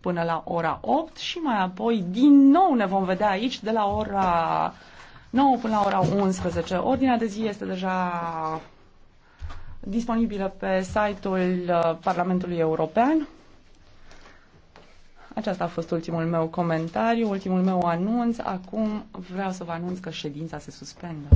până la ora 8 și mai apoi din nou ne vom vedea aici de la ora 9 până la ora 11. Ordinea de zi este deja disponibilă pe site-ul uh, Parlamentului European. Aceasta a fost ultimul meu comentariu, ultimul meu anunț. Acum vreau să vă anunț că ședința se suspendă.